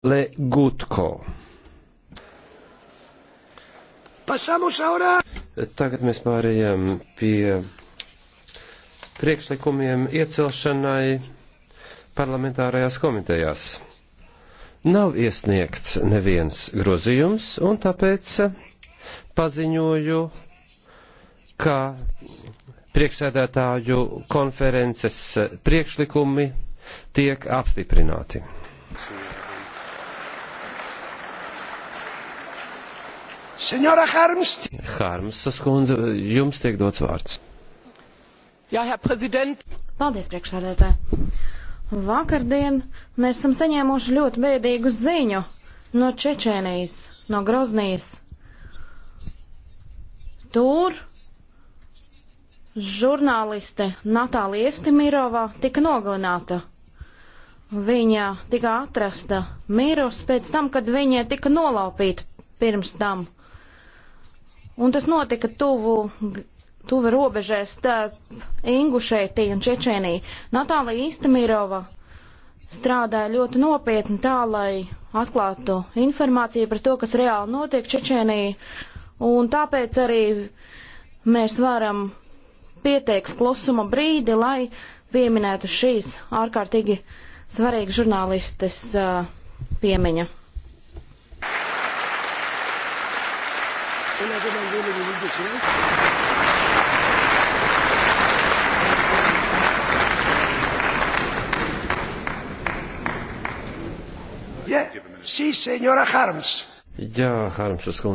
Legutko. Tagad mēs pārējām pie priekšlikumiem iecelšanai parlamentārajās komitejās. Nav iesniegts neviens grozījums, un tāpēc paziņoju, ka priekšsēdētāju konferences priekšlikumi tiek apstiprināti. Sīvi. Senora Harms. Harmsas kundze, jums tiek dots vārds. Jā, jā, prezident. Paldies, priekšsēdētāji. Vakardien mēs esam saņēmuši ļoti bēdīgu ziņu no Čečēnijas, no Groznijas. Tur žurnāliste Natālija Estimirova tika nogalināta. Viņa tika atrasta mirusi pēc tam, kad viņa tika nolaupīta pirms tam. Un tas notika tuvu, tuvu robežai starp Ingušētiju un Čečēniju. Natālija Istamirova strādāja ļoti nopietni tā, lai atklātu informāciju par to, kas reāli notiek Čečēnijā. Un tāpēc arī mēs varam pieteikt klusuma brīdi, lai pieminētu šīs ārkārtīgi svarīgas žurnālistes uh, piemiņa. Ona hemen böyle vuruldu Sinan. Yeah. Sí, señora Harms. Jā, Harmsas kundze.